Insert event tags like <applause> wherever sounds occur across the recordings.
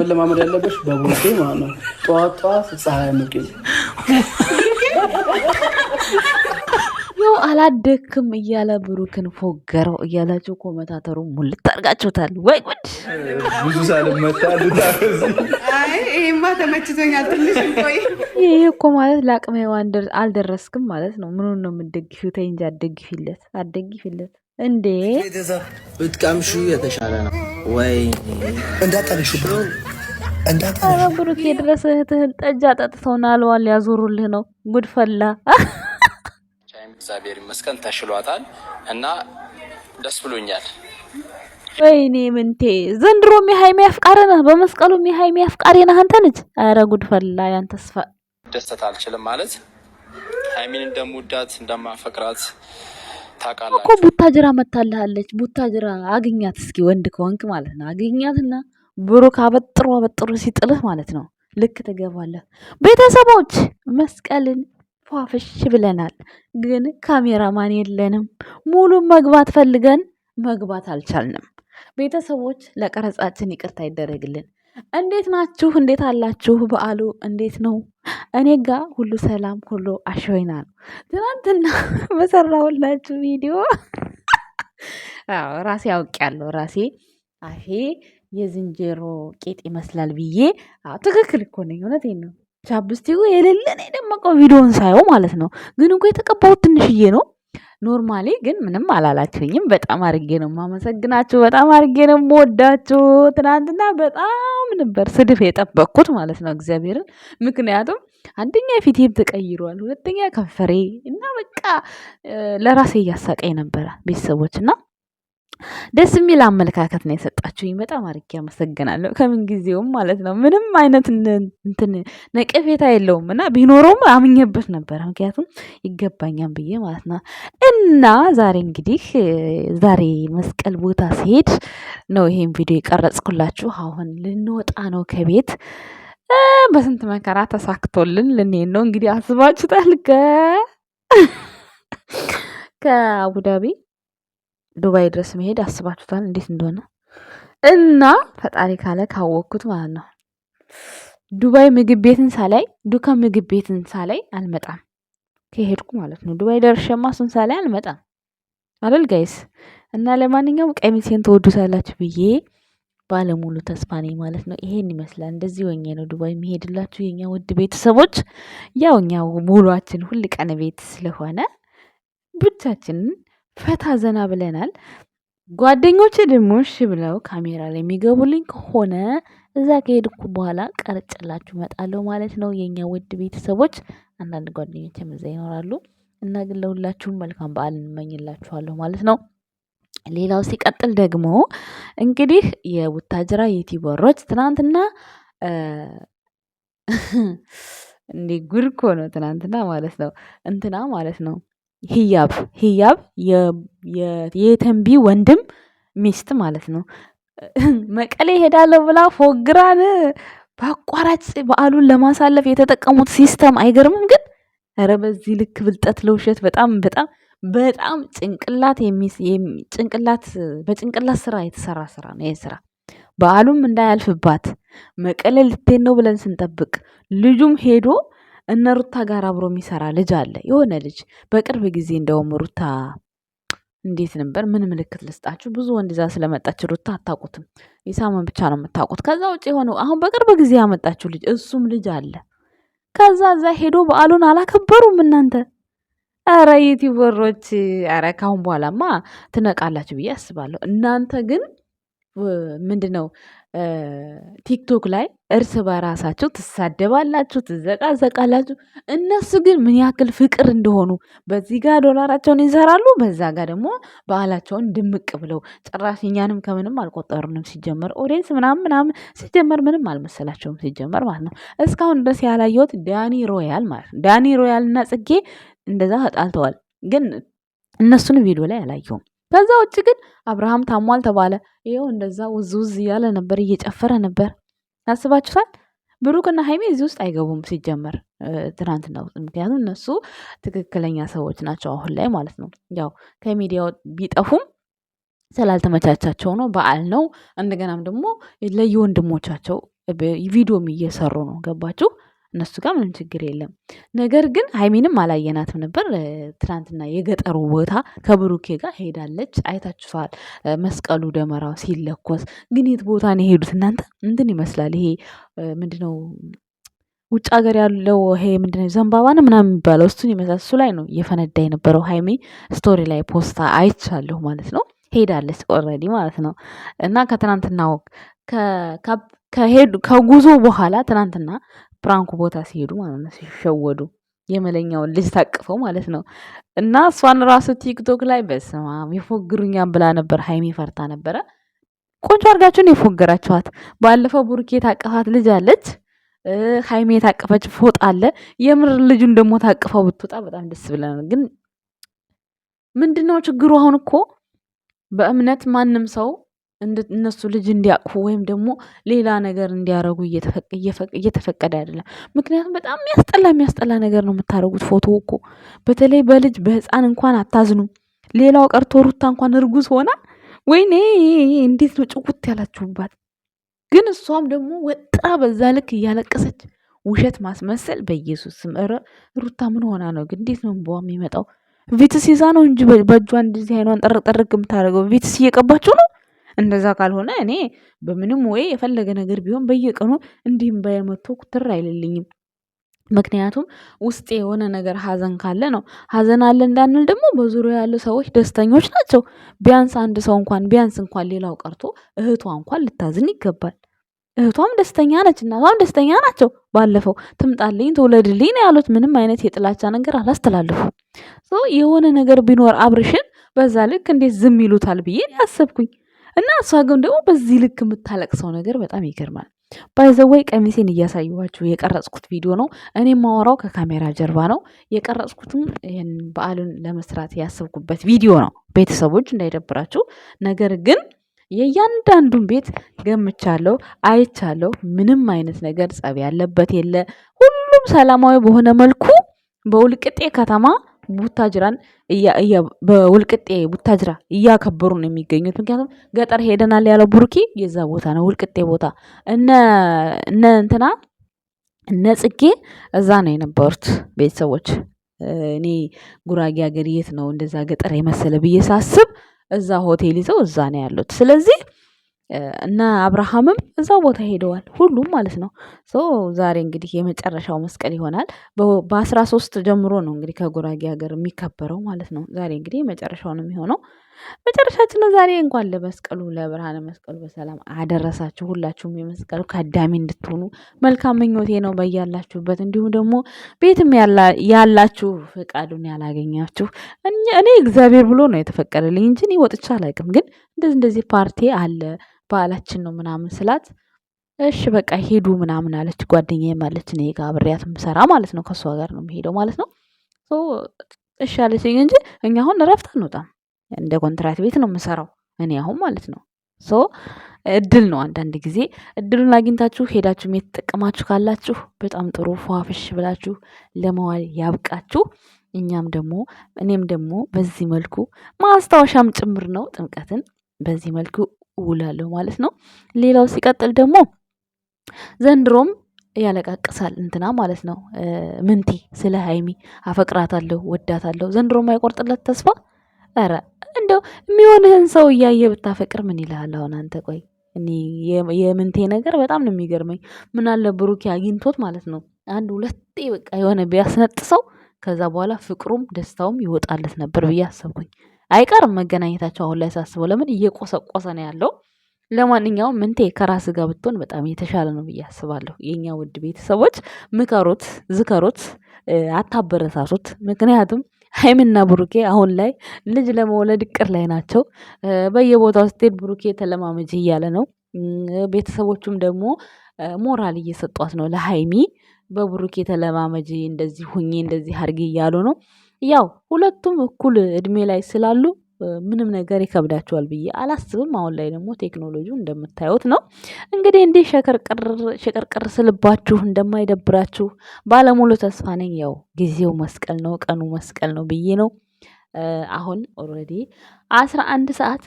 መለማመድ ያለበሽ በቦቴ ማለት ነው። ጠዋት ጠዋት ፀሐይ ምቂ አላደክም እያለ ብሩክን ፎገረው እያላቸው ኮመታተሩ ሙልት ታርጋችሁታል ወይ ጉድ! ብዙ ሳልመታ ይሄማ ተመችቶኛል። ትንሽ ቆይ፣ ይሄ እኮ ማለት ለአቅመ አልደረስክም ማለት ነው። ምኑን ነው የምትደግፊው? ተይ እንጂ አትደግፊለት፣ አደግፊለት፣ አትደግፊለት እንዴ ብትቀምሹ የተሻለ ነው ወይ? እንዳጠነሽው ብሩክ የድረስ እህትህን ጠጅ አጠጥተውን አልዋል ያዞሩልህ ነው ጉድፈላ። እግዚአብሔር ይመስገን ተሽሏታል እና ደስ ብሎኛል። ወይኔ ምንቴ ዘንድሮም የሀይሚ አፍቃሪ ነህ፣ በመስቀሉ የሀይሚ አፍቃሪ ነህ አንተ ነች። አረ ጉድፈላ ያንተ ስፋ ደስተት አልችልም ማለት ሀይሚን እንደምወዳት እንደማፈቅራት እኮ ቡታጅራ መታልሃለች። ቡታጅራ አግኛት እስኪ ወንድ ከሆንክ ማለት ነው። አግኛትና ብሩክ አበጥሮ አበጥሮ ሲጥልህ ማለት ነው ልክ ትገባለህ። ቤተሰቦች መስቀልን ፏፍሽ ብለናል፣ ግን ካሜራማን የለንም። ሙሉ መግባት ፈልገን መግባት አልቻልንም። ቤተሰቦች ለቀረጻችን ይቅርታ ይደረግልን። እንዴት ናችሁ? እንዴት አላችሁ? በዓሉ እንዴት ነው? እኔ ጋ ሁሉ ሰላም፣ ሁሉ አሸወይና ነው። ትናንትና <laughs> በሰራሁላችሁ ቪዲዮ <laughs> ራሴ አውቄያለሁ። ራሴ አፌ የዝንጀሮ ቄጥ ይመስላል ብዬ ትክክል እኮ ነኝ። እውነቴን ነው። ቻፕስቲኩ የሌለን የደመቀው ቪዲዮን ሳየው ማለት ነው። ግን እኮ የተቀባሁት ትንሽዬ ነው ኖርማሊ ግን ምንም አላላችሁኝም። በጣም አርጌ ነው የማመሰግናችሁ። በጣም አርጌ ነው የምወዳችሁ። ትናንትና በጣም ነበር ስድፍ የጠበቅኩት ማለት ነው እግዚአብሔርን። ምክንያቱም አንደኛ ፊቴም ተቀይሯል፣ ሁለተኛ ከንፈሬ እና በቃ ለራሴ እያሳቀኝ ነበረ ቤተሰቦች እና ደስ የሚል አመለካከት ነው የሰጣችሁኝ። በጣም አድርጌ አመሰግናለሁ። ከምን ጊዜውም ማለት ነው ምንም አይነት እንትን ነቀፌታ የለውም እና ቢኖረውም አምኜበት ነበረ፣ ምክንያቱም ይገባኛም ብዬ ማለት ነው። እና ዛሬ እንግዲህ ዛሬ መስቀል ቦታ ሲሄድ ነው ይሄን ቪዲዮ የቀረጽኩላችሁ። አሁን ልንወጣ ነው ከቤት በስንት መከራ ተሳክቶልን ልንሄድ ነው እንግዲህ አስባችሁታል ከ ከአቡዳቢ ዱባይ ድረስ መሄድ አስባችሁታል እንዴት እንደሆነ እና ፈጣሪ ካለ ካወቅኩት ማለት ነው። ዱባይ ምግብ ቤትን ሳላይ ዱካ ምግብ ቤትን ሳላይ አልመጣም ከሄድኩ ማለት ነው። ዱባይ ደርሸማ እሱን ሳላይ አልመጣም አለል ጋይስ? እና ለማንኛውም ቀሚሴን ትወዱታላችሁ ብዬ ባለሙሉ ተስፋ ነኝ ማለት ነው። ይሄን ይመስላል። እንደዚህ ወኜ ነው ዱባይ የሚሄድላችሁ የኛ ውድ ቤተሰቦች። ያው እኛ ሙሏችን ሁል ቀን ቤት ስለሆነ ብቻችንን ፈታ ዘና ብለናል። ጓደኞቼ ደግሞ እሺ ብለው ካሜራ ላይ የሚገቡልኝ ከሆነ እዛ ከሄድኩ በኋላ ቀርጭላችሁ እመጣለሁ ማለት ነው። የእኛ ውድ ቤተሰቦች አንዳንድ ጓደኞቼም እዛ ይኖራሉ እና ግን ለሁላችሁም መልካም በዓል እንመኝላችኋለሁ ማለት ነው። ሌላው ሲቀጥል ደግሞ እንግዲህ የቡታጅራ ዩቲዩበሮች ትናንትና እንዴ ጉድ እኮ ነው። ትናንትና ማለት ነው እንትና ማለት ነው ህያብ ህያብ የተንቢ ወንድም ሚስት ማለት ነው። <laughs> መቀሌ ይሄዳለሁ ብላ ፎግራን በአቋራጭ በዓሉን ለማሳለፍ የተጠቀሙት ሲስተም አይገርምም? ግን ኧረ በዚህ ልክ ብልጠት ለውሸት በጣም በጣም በጣም ጭንቅላት ጭንቅላት በጭንቅላት ስራ የተሰራ ስራ ነው ይህ ስራ። በዓሉም እንዳያልፍባት መቀሌ ልትሄድ ነው ብለን ስንጠብቅ ልጁም ሄዶ እነ ሩታ ጋር አብሮ የሚሰራ ልጅ አለ። የሆነ ልጅ በቅርብ ጊዜ እንደውም ሩታ እንዴት ነበር? ምን ምልክት ልስጣችሁ? ብዙ ወንድ ዛ ስለመጣች ሩታ አታውቁትም። ኢሳምን ብቻ ነው የምታውቁት። ከዛ ውጭ የሆነው አሁን በቅርብ ጊዜ ያመጣችሁ ልጅ እሱም ልጅ አለ። ከዛ እዛ ሄዶ በዓሉን አላከበሩም እናንተ። አረ ዩቲዩበሮች፣ አረ ካሁን በኋላማ ትነቃላችሁ ብዬ አስባለሁ። እናንተ ግን ምንድነው? ቲክቶክ ላይ እርስ በራሳቸው ትሳደባላችሁ ትዘቃዘቃላችሁ እነሱ ግን ምን ያክል ፍቅር እንደሆኑ በዚህ ጋር ዶላራቸውን ይዘራሉ፣ በዛ ጋር ደግሞ ባህላቸውን ድምቅ ብለው ጭራሽ እኛንም ከምንም አልቆጠሩንም። ሲጀመር ኦዲንስ ምናምን ምናምን ሲጀመር ምንም አልመሰላቸውም ሲጀመር ማለት ነው። እስካሁን ድረስ ያላየሁት ዳኒ ሮያል ማለት ነው። ዳኒ ሮያል እና ጽጌ እንደዛ ተጣልተዋል፣ ግን እነሱን ቪዲዮ ላይ አላየሁም። ከዛ ውጭ ግን አብርሃም ታሟል ተባለ። ይኸው እንደዛ ውዝ ውዝ እያለ ነበር፣ እየጨፈረ ነበር። አስባችሁታል? ብሩክና ሀይሜ እዚህ ውስጥ አይገቡም ሲጀመር ትናንት ነው። ምክንያቱም እነሱ ትክክለኛ ሰዎች ናቸው አሁን ላይ ማለት ነው። ያው ከሚዲያው ቢጠፉም ስላልተመቻቻቸው ነው። በዓል ነው። እንደገናም ደግሞ ለየወንድሞቻቸው ቪዲዮም እየሰሩ ነው። ገባችሁ? እነሱ ጋር ምንም ችግር የለም። ነገር ግን ሀይሚንም አላየናትም ነበር። ትናንትና የገጠሩ ቦታ ከብሩኬ ጋር ሄዳለች። አይታችኋል መስቀሉ ደመራው ሲለኮስ። ግን የት ቦታ ነው የሄዱት እናንተ? ምንድን ይመስላል ይሄ ምንድነው ውጭ ሀገር ያለው ይሄ ምንድነው ዘንባባን ምናምን የሚባለው እሱን ይመስላል። እሱ ላይ ነው እየፈነዳ የነበረው። ሀይሚ ስቶሪ ላይ ፖስታ አይቻለሁ ማለት ነው። ሄዳለች ኦልሬዲ ማለት ነው። እና ከትናንትና ከጉዞ በኋላ ትናንትና ፕራንኩ ቦታ ሲሄዱ ማለት ነው ሲሸወዱ የመለኛውን ልጅ ታቅፈው ማለት ነው። እና እሷን ራሱ ቲክቶክ ላይ በስማ ይፎግሩኛን ብላ ነበር። ሀይሜ ፈርታ ነበረ። ቆንጆ አድርጋችሁን የፎገራችኋት። ባለፈው ቡርኬ ታቀፋት ልጅ አለች። ሀይሜ የታቀፈች ፎጣ አለ። የምር ልጁን ደግሞ ታቅፈው ብትወጣ በጣም ደስ ብለናል ግን ምንድነው ችግሩ? አሁን እኮ በእምነት ማንም ሰው እነሱ ልጅ እንዲያቅፉ ወይም ደግሞ ሌላ ነገር እንዲያረጉ እየተፈቀደ አይደለም። ምክንያቱም በጣም የሚያስጠላ የሚያስጠላ ነገር ነው የምታደርጉት። ፎቶ እኮ በተለይ በልጅ በህፃን እንኳን አታዝኑ። ሌላው ቀርቶ ሩታ እንኳን እርጉዝ ሆና ወይኔ እንዴት ነው ጭቁት ያላችሁባት! ግን እሷም ደግሞ ወጣ በዛ ልክ እያለቀሰች ውሸት ማስመሰል በኢየሱስ ስም። ኧረ ሩታ ምን ሆና ነው ግን? እንዴት ነው እንበዋ የሚመጣው? ቤትስ ይዛ ነው እንጂ በእጇ እንደዚህ አይኗን ጠረቅ ጠረቅ የምታደርገው ቪትስ እየቀባችው ነው እንደዛ ካልሆነ እኔ በምንም ወይ የፈለገ ነገር ቢሆን በየቀኑ እንዲህም ባየመቶ ኩትር አይልልኝም። ምክንያቱም ውስጤ የሆነ ነገር ሀዘን ካለ ነው። ሀዘን አለ እንዳንል ደግሞ በዙሪያ ያሉ ሰዎች ደስተኞች ናቸው። ቢያንስ አንድ ሰው እንኳን ቢያንስ እንኳን ሌላው ቀርቶ እህቷ እንኳን ልታዝን ይገባል። እህቷም ደስተኛ ነች፣ እናቷም ደስተኛ ናቸው። ባለፈው ትምጣልኝ ትውለድልኝ ነው ያሉት። ምንም አይነት የጥላቻ ነገር አላስተላልፉ የሆነ ነገር ቢኖር አብርሽን በዛ ልክ እንዴት ዝም ይሉታል ብዬ ያሰብኩኝ። እና እሷ ግን ደግሞ በዚህ ልክ የምታለቅሰው ነገር በጣም ይገርማል። ባይዘወይ ቀሚሴን እያሳየኋችሁ የቀረጽኩት ቪዲዮ ነው። እኔ ማወራው ከካሜራ ጀርባ ነው የቀረጽኩትም ይህን በዓሉን ለመስራት ያሰብኩበት ቪዲዮ ነው። ቤተሰቦች እንዳይደብራችሁ። ነገር ግን የእያንዳንዱን ቤት ገምቻለሁ፣ አይቻለሁ። ምንም አይነት ነገር ጸብ ያለበት የለ። ሁሉም ሰላማዊ በሆነ መልኩ በውልቅጤ ከተማ ቡታጅራን በውልቅጤ ቡታጅራ እያከበሩ ነው የሚገኙት። ምክንያቱም ገጠር ሄደናል ያለው ቡርኪ የዛ ቦታ ነው ውልቅጤ ቦታ። እነ እንትና እነ ጽጌ እዛ ነው የነበሩት ቤተሰቦች። እኔ ጉራጌ ሀገር የት ነው እንደዛ ገጠር የመሰለ ብዬ ሳስብ እዛ ሆቴል ይዘው እዛ ነው ያሉት። ስለዚህ እነ አብርሃምም እዛው ቦታ ሄደዋል። ሁሉም ማለት ነው። ዛሬ እንግዲህ የመጨረሻው መስቀል ይሆናል። በአስራ ሶስት ጀምሮ ነው እንግዲህ ከጉራጌ ሀገር የሚከበረው ማለት ነው። ዛሬ እንግዲህ የመጨረሻው ነው የሚሆነው። መጨረሻችን ዛሬ እንኳን ለመስቀሉ ለብርሃነ መስቀሉ በሰላም አደረሳችሁ። ሁላችሁም የመስቀሉ ከዳሚ እንድትሆኑ መልካም ምኞቴ ነው በያላችሁበት። እንዲሁም ደግሞ ቤትም ያላችሁ ፈቃዱን ያላገኛችሁ እኔ እግዚአብሔር ብሎ ነው የተፈቀደልኝ እንጂ እኔ ወጥቼ አላውቅም። ግን እንደዚህ እንደዚህ ፓርቲ አለ በዓላችን ነው ምናምን ስላት እሺ በቃ ሄዱ ምናምን አለች። ጓደኛዬ አለች እኔ ጋር አብሬያት የምሰራ ማለት ነው። ከእሷ ጋር ነው የምሄደው ማለት ነው። እሺ አለችኝ እንጂ እኛ አሁን እረፍት አንወጣም። እንደ ኮንትራት ቤት ነው የምሰራው እኔ አሁን ማለት ነው። ሶ እድል ነው አንዳንድ ጊዜ እድሉን አግኝታችሁ ሜት የተጠቀማችሁ ካላችሁ በጣም ጥሩ ፏፍሽ ብላችሁ ለመዋል ያብቃችሁ። እኛም ደግሞ እኔም ደግሞ በዚህ መልኩ ማስታወሻም ጭምር ነው ጥምቀትን በዚህ መልኩ እውላለሁ ማለት ነው። ሌላው ሲቀጥል ደግሞ ዘንድሮም ያለቃቅሳል እንትና ማለት ነው ምንቲ ስለ ሀይሚ አፈቅራታለሁ ወዳታለሁ ዘንድሮም አይቆርጥለት ተስፋ ኧረ እንደው የሚሆንህን ሰው እያየ ብታፈቅር ምን ይልሃል? አሁን አንተ ቆይ እኔ የምንቴ ነገር በጣም ነው የሚገርመኝ። ምን አለ ብሩኬ አግኝቶት ማለት ነው አንድ ሁለቴ በቃ የሆነ ቢያስነጥሰው ከዛ በኋላ ፍቅሩም ደስታውም ይወጣለት ነበር ብዬ አሰብኩኝ። አይቀርም መገናኘታቸው አሁን ላይ ሳስበው፣ ለምን እየቆሰቆሰ ነው ያለው። ለማንኛውም ምንቴ ከራስ ጋር ብትሆን በጣም የተሻለ ነው ብዬ አስባለሁ። የእኛ ውድ ቤተሰቦች ምከሩት፣ ዝከሩት፣ አታበረታቱት። ምክንያቱም ሀይምና ብሩኬ አሁን ላይ ልጅ ለመውለድ እቅር ላይ ናቸው። በየቦታው ስትሄድ ብሩኬ ተለማመጅ እያለ ነው። ቤተሰቦቹም ደግሞ ሞራል እየሰጧት ነው ለሀይሚ በብሩኬ ተለማመጅ፣ እንደዚህ ሁኜ እንደዚህ አድርጌ እያሉ ነው። ያው ሁለቱም እኩል እድሜ ላይ ስላሉ ምንም ነገር ይከብዳቸዋል ብዬ አላስብም። አሁን ላይ ደግሞ ቴክኖሎጂው እንደምታዩት ነው። እንግዲህ እንዲህ ሸቀርቀር ስልባችሁ እንደማይደብራችሁ ባለሙሉ ተስፋ ነኝ። ያው ጊዜው መስቀል ነው፣ ቀኑ መስቀል ነው ብዬ ነው። አሁን ኦልሬዲ አስራ አንድ ሰዓት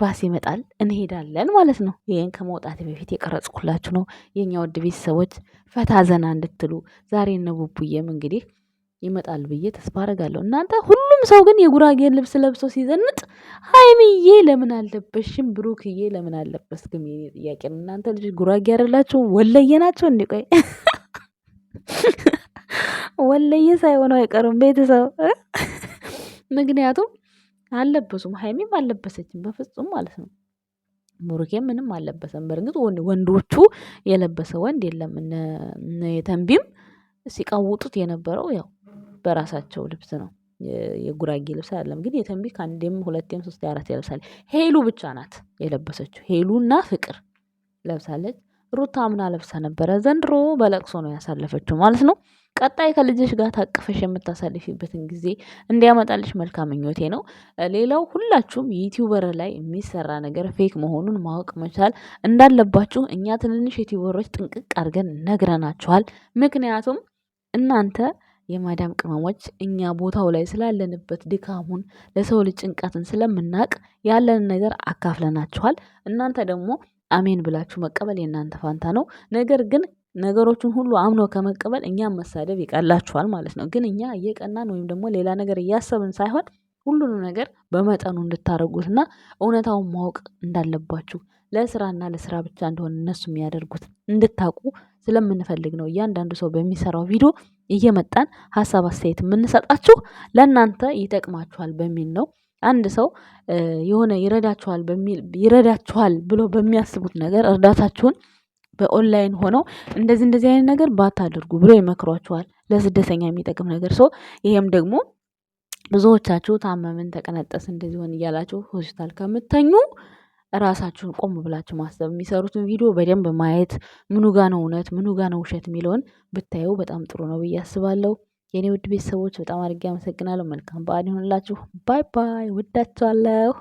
ባስ ይመጣል እንሄዳለን ማለት ነው። ይህን ከመውጣት በፊት የቀረጽኩላችሁ ነው የኛ ውድ ቤተሰቦች ፈታ ዘና እንድትሉ ዛሬ እነ ቡቡዬም እንግዲህ ይመጣል ብዬ ተስፋ አደርጋለሁ። እናንተ ሁሉም ሰው ግን የጉራጌን ልብስ ለብሶ ሲዘንጥ ሀይሚዬ ለምን አልለበሽም? ብሩክዬ ለምን አልለበስክም? የኔ ጥያቄ ነው። እናንተ ልጆች ጉራጌ አይደላችሁ? ወለየ ናቸው እንዴ? ቆይ <laughs> ወለየ ሳይሆኑ አይቀሩም ቤተሰብ። ምክንያቱም አልለበሱም፣ ሀይሚም አልለበሰችም በፍጹም ማለት ነው። ብሩኬ ምንም አልለበሰም። በእርግጥ ወንዶቹ የለበሰ ወንድ የለም። እነ ተንቢም ሲቃውጡት የነበረው ያው በራሳቸው ልብስ ነው። የጉራጌ ልብስ አይደለም ግን የተንቢ ከአንዴም ሁለቴም ሶስቴ አራት ለብሳለች። ሄሉ ብቻ ናት የለበሰችው ሄሉና ፍቅር ለብሳለች። ሩታ አምና ለብሳ ነበረ ዘንድሮ በለቅሶ ነው ያሳለፈችው ማለት ነው። ቀጣይ ከልጅሽ ጋር ታቅፈሽ የምታሳልፊበትን ጊዜ እንዲያመጣልሽ መልካም ምኞቴ ነው። ሌላው ሁላችሁም ዩቲዩበር ላይ የሚሰራ ነገር ፌክ መሆኑን ማወቅ መቻል እንዳለባችሁ እኛ ትንንሽ ዩቲዩበሮች ጥንቅቅ አድርገን ነግረናችኋል። ምክንያቱም እናንተ የማዳም ቅመሞች እኛ ቦታው ላይ ስላለንበት ድካሙን ለሰው ልጅ ጭንቀትን ስለምናቅ ያለን ነገር አካፍለናችኋል። እናንተ ደግሞ አሜን ብላችሁ መቀበል የእናንተ ፋንታ ነው። ነገር ግን ነገሮችን ሁሉ አምኖ ከመቀበል እኛም መሳደብ ይቀላችኋል ማለት ነው። ግን እኛ እየቀናን ወይም ደግሞ ሌላ ነገር እያሰብን ሳይሆን ሁሉንም ነገር በመጠኑ እንድታደርጉትና እውነታውን ማወቅ እንዳለባችሁ ለስራና ለስራ ብቻ እንደሆነ እነሱ የሚያደርጉት እንድታውቁ ስለምንፈልግ ነው። እያንዳንዱ ሰው በሚሰራው ቪዲዮ እየመጣን ሀሳብ አስተያየት የምንሰጣችሁ ለእናንተ ይጠቅማችኋል በሚል ነው። አንድ ሰው የሆነ ይረዳችኋል በሚል ይረዳችኋል ብሎ በሚያስቡት ነገር እርዳታችሁን በኦንላይን ሆነው እንደዚህ እንደዚህ አይነት ነገር ባታደርጉ ብሎ ይመክሯችኋል። ለስደተኛ የሚጠቅም ነገር ሰው ይሄም ደግሞ ብዙዎቻችሁ ታመምን፣ ተቀነጠስ፣ እንደዚህ ሆን እያላችሁ ሆስፒታል ከምተኙ ራሳችሁን ቆም ብላችሁ ማሰብ የሚሰሩትን ቪዲዮ በደንብ ማየት ምኑ ጋ ነው እውነት ምኑ ጋ ነው ውሸት የሚለውን ብታየው በጣም ጥሩ ነው ብዬ አስባለሁ። የእኔ ውድ ቤተሰቦች በጣም አድርጌ አመሰግናለሁ። መልካም በዓል ይሆንላችሁ። ባይ ባይ። ወዳችኋለሁ።